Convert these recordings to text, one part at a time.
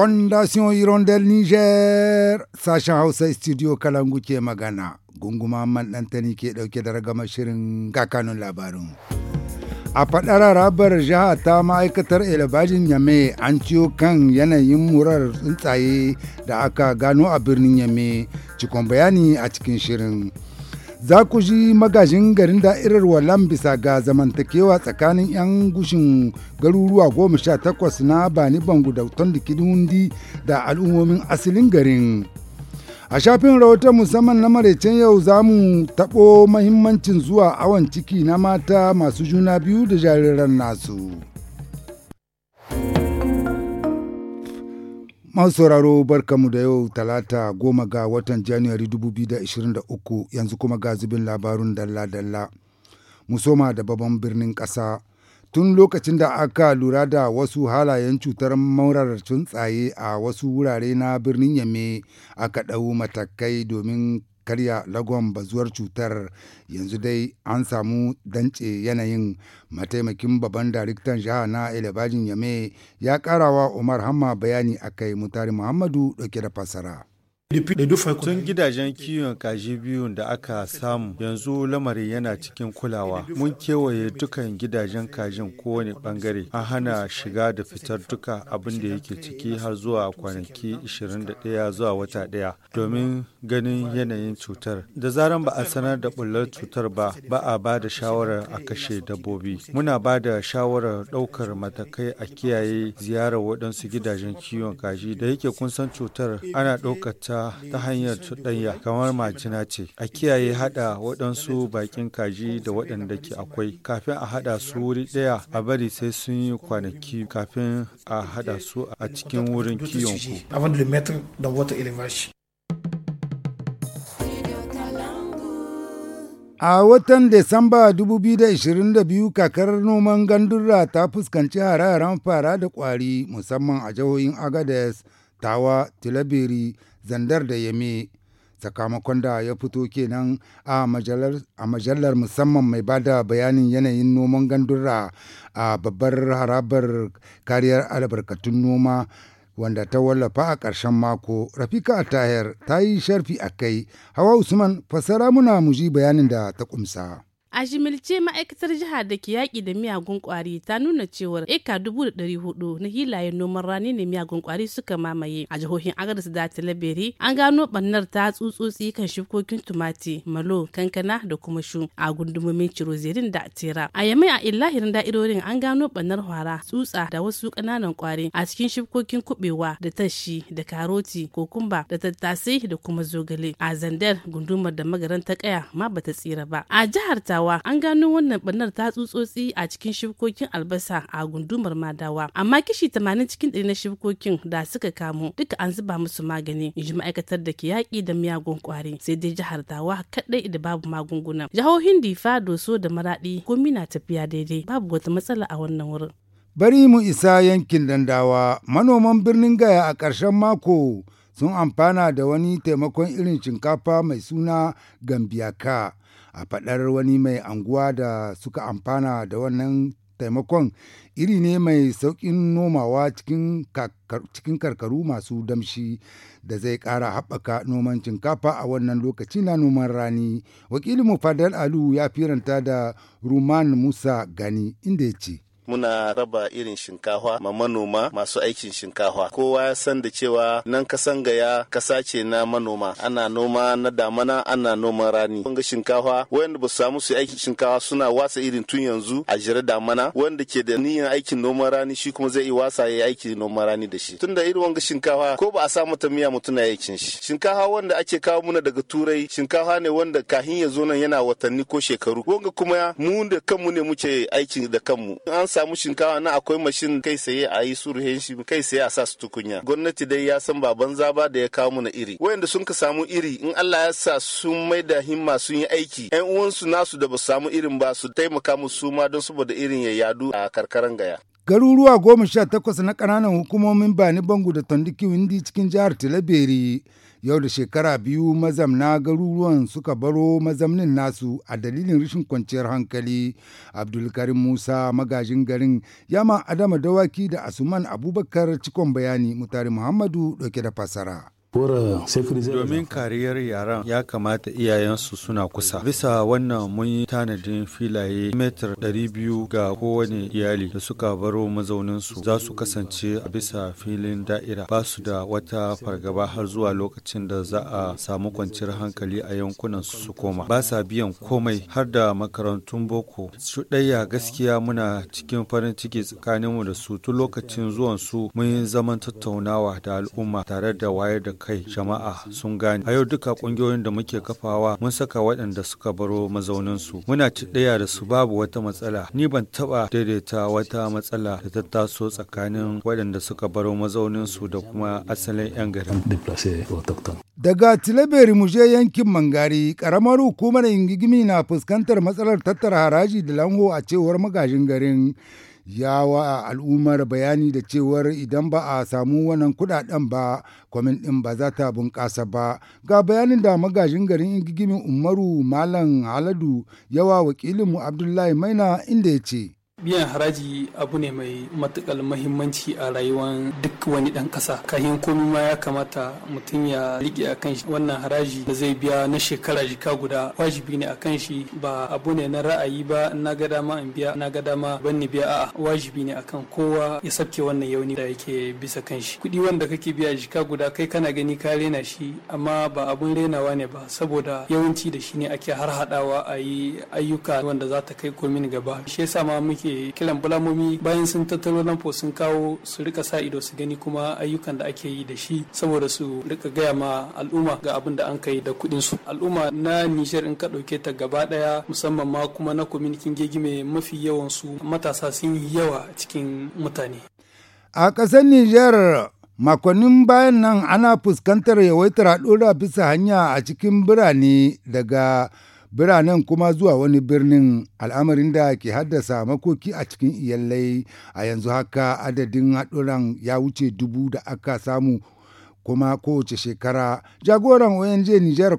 fondation hirondelle niger sashen hausa studio kalangu ke magana gunguma man tani ke ɗauke da ragama shirin ga kakanun labarin a faɗar rabar jiha ta ma'aikatar elabajin yame an ciyo kan yanayin murar tsuntsaye da aka gano a birnin yame cikon bayani a cikin shirin za ku ji magajin garin da'irar walam bisa ga zamantakewa tsakanin 'yan gushin garuruwa goma sha takwas na bani bangu da likidundi da al'ummomin asalin garin a shafin rahoton musamman na maraicen yau za mu taɓo mahimmancin zuwa awon ciki na mata masu juna biyu da jariran nasu. Masu sauraro barkamu da yau talata goma ga watan Janairu 2023 yanzu kuma ga zubin labarun dalla-dalla. Musoma da babban birnin ƙasa. Tun lokacin da aka lura da wasu halayen cutar maurar tsuntsaye a wasu wurare na birnin Yamme aka ɗau matakai domin karya lagon bazuwar cutar yanzu dai an samu dance yanayin mataimakin babban daraktan jiha na elebajin yame ya karawa umar hamma bayani akai mutari muhammadu dauke da fasara Tun gidajen kiwon kaji biyu da aka samu yanzu lamarin yana cikin kulawa. Mun kewaye dukan gidajen kajin kowane bangare, an hana shiga da fitar duka abin da yake ciki har zuwa kwanaki 21 zuwa wata ɗaya domin ganin yanayin cutar. Da zaran ba a sanar da bullar cutar ba, ba a ba da shawarar a kashe dabbobi. Muna ba da shawarar ɗaukar matakai a kiyaye ziyarar waɗansu gidajen kiwon kaji da yake kun san cutar ana ɗaukar ta hanyar cuɗanya kamar majina ce. A kiyaye haɗa waɗansu bakin kaji da waɗanda ke akwai. Kafin a haɗa su wuri ɗaya a bari sai sun yi kwanaki kafin a haɗa su a cikin wurin kiwon A watan Desamba 2022 kakar noman gandura ta fuskanci hararen fara da kwari musamman a jihohin Agades tawa tilabiri zandar da yame sakamakon da ya fito kenan a majalar musamman mai bada bayanin yanayin noman gandura a babbar harabar kariyar albarkatun noma wanda ta wallafa a ƙarshen mako rafika tahir ta yi sharfi a kai hawa usman fassara muna muji bayanin da ta kumsa. A jimilce ma'aikatar jihar da ke yaƙi da miyagun ƙwari ta nuna cewar eka dubu da ɗari hudu na hilayen noman rani ne miyagun ƙwari suka mamaye a jihohin Agadez da Talabere an gano bannar ta tsutsotsi kan shukokin tumati, malo, kankana da kuma shu a gundumomin cirozerin da tera. A yamai a illahirin da'irorin an gano ɓannar hwara, tsutsa da wasu ƙananan ƙwari a cikin shukokin kuɓewa da tashi da karoti, kokumba da tattasai da kuma zogale. A zandar gundumar da magaran ta kaya ma bata tsira ba. A jihar ta madawa an gano wannan banar ta tsutsotsi a cikin shibkokin albasa a gundumar madawa amma kishi 80 cikin 100 na shibkokin da suka kamo duka an zuba musu magani in ji ma'aikatar da ke yaƙi da miyagun kwari sai dai jihar dawa kaɗai da babu magunguna jihohin difa doso da maraɗi komi na tafiya daidai babu wata matsala a wannan wurin bari mu isa yankin dandawa manoman birnin gaya a ƙarshen mako sun amfana da wani taimakon irin shinkafa mai suna gambiyaka a faɗar wani mai anguwa da suka amfana da wannan taimakon iri ne mai sauƙin nomawa cikin karkaru masu damshi da zai ƙara haɓaka noman shinkafa a wannan lokaci na noman rani wakilin mu fadal alu ya firanta da ruman musa gani inda ya ce muna raba irin shinkafa ma manoma masu aikin shinkafa kowa ya san da cewa nan kasan gaya kasa ce na manoma ana noma na damana ana noma rani kun ga shinkafa wanda ba samu su aikin shinkafa suna wasa irin tun yanzu a jira damana wanda ke da niyyar aikin noman rani shi kuma zai yi wasa ya aiki noman rani da shi tunda irin wanga shinkafa ko ba a sa mata miya mutum na aikin shi shinkafa wanda ake kawo muna daga turai shinkafa ne wanda kahin ya zo nan yana watanni ko shekaru wanga kuma mu da kanmu ne muke aikin da kanmu an sa samu shinkawa na akwai mashin kai saye a yi surhen shi kai saye a sa su tukunya gwamnati dai ya san ba zaba da ya kawo mu na iri wayanda sun ka samu iri in Allah ya sa sun mai da himma sun yi aiki ɗan uwansu nasu da ba su samu irin ba su taimaka mu su ma don saboda irin ya yadu a karkaran gaya garuruwa goma sha takwas na ƙananan hukumomin bani bangu da tondiki windi cikin jihar talabere Yau da shekara biyu mazamna garuruwan suka baro mazamnin nasu a dalilin rashin kwanciyar hankali. Abdulkarim Musa magajin garin Yama Adama Dawaki da Asuman Abubakar cikon bayani Mutari Muhammadu dauke da fasara. Domin kariyar yaran ya kamata iyayensu suna kusa. Bisa wannan mun yi tanadin filaye metar biyu ga kowane iyali da suka baro mazauninsu za su kasance a bisa filin da'ira ba su da wata fargaba har zuwa lokacin da za a samu kwanciyar hankali a yankunan su koma. Ba sa biyan komai har da makarantun boko. Su ɗaya gaskiya muna cikin farin ciki tsakaninmu da su tun lokacin zuwan su mun yi zaman tattaunawa da al'umma tare da wayar da kai jama'a sun gane a yau duka kungiyoyin da muke kafawa mun saka waɗanda suka baro mazauninsu muna ci ɗaya da su babu wata matsala ni ban taɓa daidaita wata matsala da ta taso tsakanin waɗanda suka baro mazauninsu da kuma asalin 'yan garin daga tilabiyar muje yankin mangari karamar hukumar ingigimi na fuskantar matsalar tattara haraji da lanho a cewar magajin garin ya wa al'ummar bayani da cewar idan ba a samu wannan kuɗaɗen ba kwamin ɗin ba za ta bunƙasa ba ga bayanin da magajin garin ingigimin umaru malam haladu yawa wakilinmu abdullahi maina inda ya ce biyan haraji abu ne mai matukar mahimmanci a rayuwar duk wani dan kasa kayan komi ma ya kamata mutum ya rike a kan wannan haraji da zai biya na shekara jika guda wajibi ne a kan shi ba abu ne na ra'ayi ba na ga dama in biya na ga dama ban ni biya a'a wajibi ne akan kowa ya sabke wannan yauni da yake bisa kan shi kuɗi wanda kake biya jika guda kai kana gani ka rena shi amma ba abun renawa ne ba saboda yawanci da shi ne ake har hadawa a yi ayyuka wanda za ta kai komin gaba shi yasa ma muke ake kiran bulamomi bayan sun tattaro lampo sun kawo su rika sa ido su gani kuma ayyukan da ake yi da shi saboda su rika gaya ma al'umma ga abin da an kai da kuɗinsu su al'umma na Nijar in ka ɗauke ta gaba ɗaya musamman ma kuma na kwamitin gegime mafi yawan su matasa sun yi yawa cikin mutane a kasar Nijar makonnin bayan nan ana fuskantar yawaitar haɗura bisa hanya a cikin birane daga biranen kuma zuwa wani birnin al'amarin da ke haddasa makoki a cikin iyalai a yanzu haka adadin haɗuran ya wuce dubu da aka samu kuma kowace shekara jagoran ONG Nijar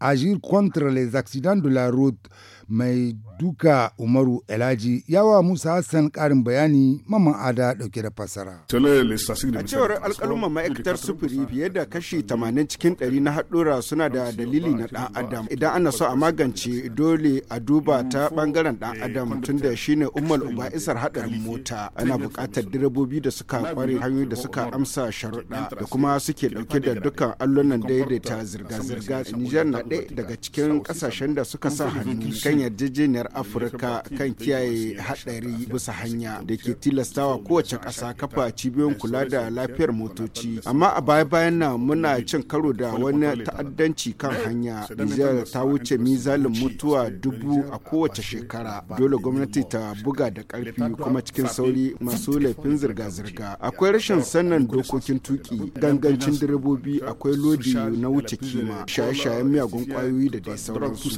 agir contre les accidents de la route mai duka umaru elaji yawa musa hassan karin bayani maman ada dauke da fasara a cewar alkaluma ma'aikatar sufuri fiye da kashi 80 cikin 100 na haɗura suna da dalili na ɗan adam idan ana so a magance dole a duba ta bangaren ɗan eh, adam tun da shine umar uba isar eh, haɗarin mota ana buƙatar direbobi da suka kware hanyoyi da suka amsa sharuɗa da kuma suke ɗauke da dukkan allonan daidaita zirga-zirga nijar na kaɗe daga cikin ƙasashen da suka sa hannu kan yarjejeniyar afirka kan kiyaye haɗari bisa hanya da ke tilastawa kowace ƙasa kafa cibiyoyin kula da lafiyar motoci amma a baya bayan nan muna cin karo da wani ta'addanci kan eh, hanya nijar ta wuce mizalin mutuwa dubu a kowace shekara dole gwamnati ta buga da ƙarfi kuma cikin sauri masu laifin zirga-zirga akwai rashin sannan dokokin tuki gangancin direbobi akwai lodi na wuce kima shaye-shayen miyagun miyagun kwayoyi da dai sauransu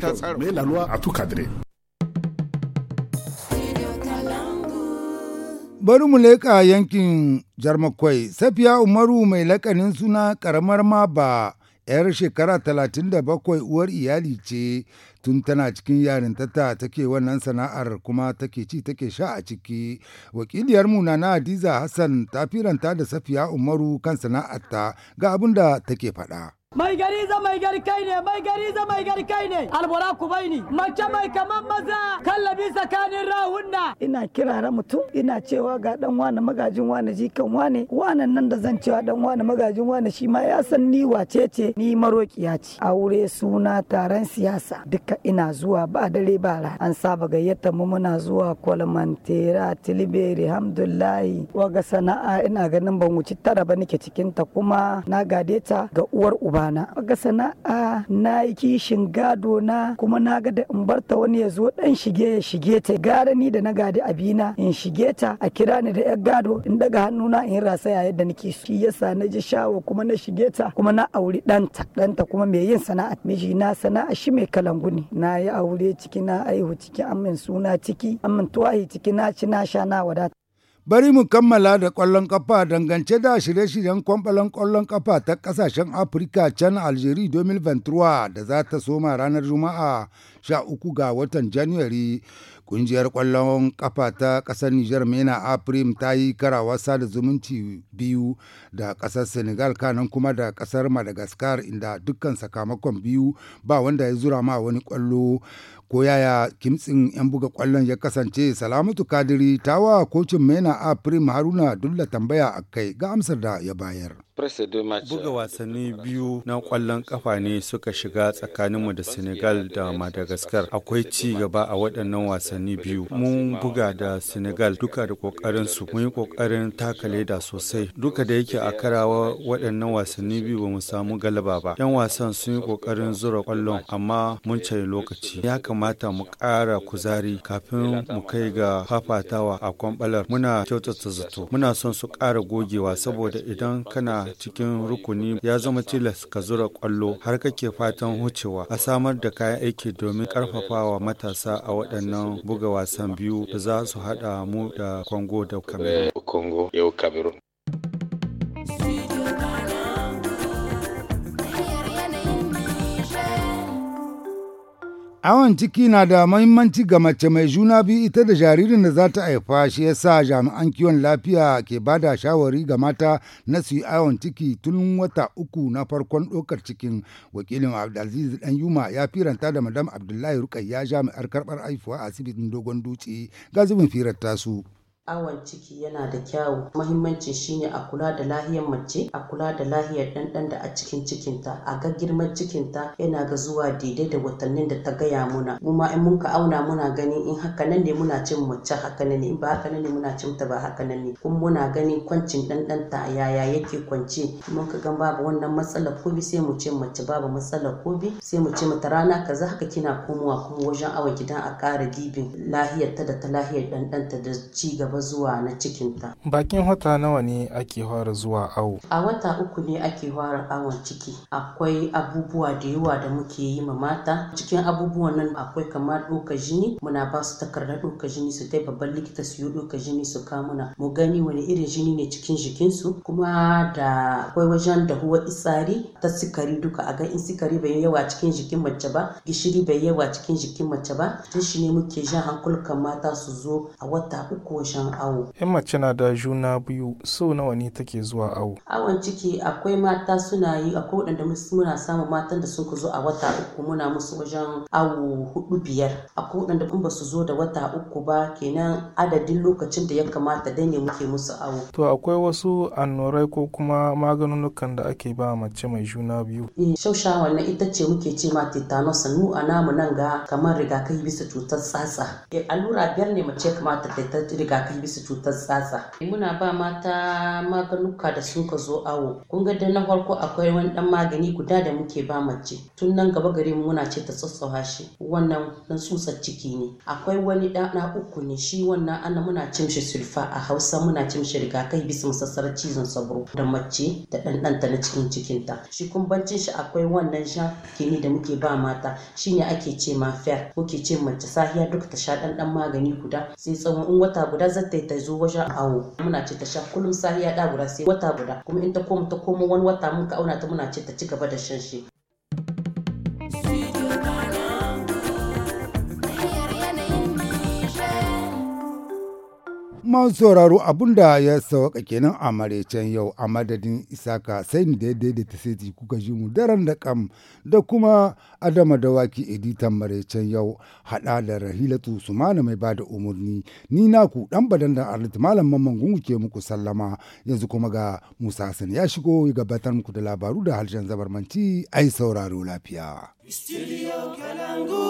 ta tsara bari mu leƙa yankin jarmakwai safiya umaru mai lakanin suna karamar maba yar shekara 37 uwar iyali ce tun tana cikin yarintata take wannan sana'ar kuma take ci take sha a ciki wakiliyar muna na hadiza hassan ta firanta da safiya umaru kan sana'arta ga abin da take faɗa. mai gari za mai gari kai ne mai gari za mai gari kai ne albora ku baini mace mai kaman maza kallabi tsakanin rahunna ina kirara mutum ina cewa ga dan wani magajin wani jikan wani wanan nan da zan cewa dan wani magajin wani shi ma ya san ni wace ce ni maroƙiya ce aure suna taron siyasa duka ina zuwa ba dare ba ra. an saba gayyata mu muna zuwa kwalmantera tilberi hamdullahi waga sana'a ina ganin ban wuci tara ba nike cikin ta kuma na gade ta ga uwar uba bana ga sana'a na yi kishin gado na kuma na ga da in barta wani ya zo dan shige ya shige ta gara ni da na gadi abina in shige ta a kira ni da yar gado in daga hannuna in rasa ya yadda nake shi yasa na ji shawo kuma na shige ta kuma na auri danta danta kuma mai yin sana'a miji na sana'a shi mai kalangu ne na yi aure ciki na aihu ciki amin suna ciki amin tuwahi ciki na ci na sha na wadata Bari mu kammala da ƙwallon ƙafa dangance da shirye-shiryen kwamfalon ƙwallon ƙafa ta ƙasashen Afirka can Algeria 2023 da za ta soma ranar Juma'a sha uku ga watan January kungiyar kwallon kafa ta kasar Nijar Mena Aprim ta yi karawa sada zumunci biyu da kasar Senegal kanan kuma da kasar Madagascar inda dukkan sakamakon biyu ba wanda ya zura ma wani kwallo ko yaya kimtsin 'yan buga kwallon ya kasance salamatu kadiri ta wa kocin mena a prim haruna dulla tambaya a kai ga amsar da ya bayar. Buga eh, wasanni biyu na kwallon kafa ne suka shiga tsakaninmu da Senegal da Madagascar. Akwai ci gaba a waɗannan wasanni biyu. Mun buga da Senegal duka da kokarin su. Mun yi ƙoƙarin taka leda sosai. Duka da yake a karawa waɗannan wasanni biyu ba mu samu galaba ba. 'Yan wasan sun yi ƙoƙarin zura ƙwallon amma mun cire lokaci. Ya kamata mu ƙara kuzari kafin mu kai ga fafatawa a kwamɓalar. Muna kyautata zato. Muna son su ƙara gogewa saboda idan kana cikin rukuni ya zama tilas ka zura kwallo har kake fatan hucewa a samar da kayan aiki domin karfafawa matasa a waɗannan buga wasan biyu da za su haɗa mu da Kongo da kamerun Awon ciki na da mahimmanci ga mace mai juna biyu ita da jaririn da za ta haifa shi yasa jami'an kiwon lafiya ke ba da shawari ga mata na su yi awon ciki tun wata uku na farkon ɗaukar cikin wakilin Abdulaziz Dan Yuma ya firanta da Madam Abdullahi Rukayya jami'ar karɓar haifuwa a asibitin Dogon Dutse ga zubin firar tasu. Awon ciki yana da kyawu. Muhimmancin shine a kula da lahiyar mace, a kula da lahiyar ɗanɗan da a cikin cikinta, a ga girman cikinta yana ga zuwa daidai da watannin da ta gaya muna. Mu ma in ka auna muna gani in haka nan ne muna cin mace haka nan ne in ba haka nan ne muna cin ta ba haka nan ne. Kuma muna ganin kwancin ɗanɗanta yaya yake kwance. Mun ka gan babu wannan matsalar komi sai mu ce mace babu matsalar komi sai mu ce mata rana kaza haka kina komowa kuma wajen awon gidan a ƙara dibin lahiyar ta da ta lahiyar ɗanɗanta da ci gaba. gaba zuwa na cikinta. Bakin wata nawa ne ake fara zuwa awo? A wata uku ne ake fara awon ciki. Akwai abubuwa da yawa da muke yi ma mata. Cikin abubuwan nan akwai kamar ɗoka jini muna ba su takardar ɗoka jini su tai babban likita su yi ɗoka jini su kamuna. Mu gani wani irin jini ne cikin jikinsu kuma da akwai wajen dahuwa isari ta sikari duka a ga in sikari bai yawa cikin jikin mace ba gishiri bai yawa cikin jikin mace ba. Tun shi ne muke jan hankulan mata su zo a wata uku wajen lokacin awo. Yan mace na da juna biyu so nawa ne take zuwa awo. Awon ciki akwai mata suna yi akwai waɗanda muna samun matan da sun zo a wata uku muna musu wajen awo hudu biyar. Akwai waɗanda in ba su zo da wata uku ba kenan adadin lokacin da ya kamata dai ne muke musu awo. To akwai wasu annorai ko kuma maganunukan da ake ba mace mai juna biyu. Eh, shaushawa na ita ce muke ce ma tetanus mu a namu nan ga kamar rigakafi bisa cutar tsatsa. Eh, allura biyar ne mace kamata ta rigakafi kafin bisa cutar tsatsa muna ba mata maganuka da sun ka zo awo kun ga da na farko akwai wani dan magani guda da muke ba mace tun nan gaba gare mu muna ce ta tsatsawa shi wannan dan tsutsar ciki ne akwai wani da na uku ne shi wannan ana muna cin shi sulfa a Hausa muna cin shi rigakafi bisa musassar cizon sabro da mace da ɗanɗanta dan ta na cikin cikinta shi kun bancin shi akwai wannan sha kini da muke ba mata shine ake ce ma fair muke ce mace sahiya duka ta sha dan magani guda sai tsawon in wata guda za ta yi ta zo wajen awo muna ce ta sha kullum safiya da guda sai wata guda kuma in ta koma ta komo wani wata mun ka auna ta muna ce ta ci gaba da shan shi masu sauraro abun da ya sauka kenan a maraicen yau a madadin isaka sai ni daidai da tasiti kuka ji mu daren da kam da kuma adama dawaki editan maraicen yau hada da rahilatu su mana mai bada umarni ni naku dan badan da arlit malam mamman gungu ke muku sallama yanzu kuma ga musa sani ya shigo ya gabatar muku da labaru da harshen zabarmanci ai sauraro lafiya. Studio Kalangu.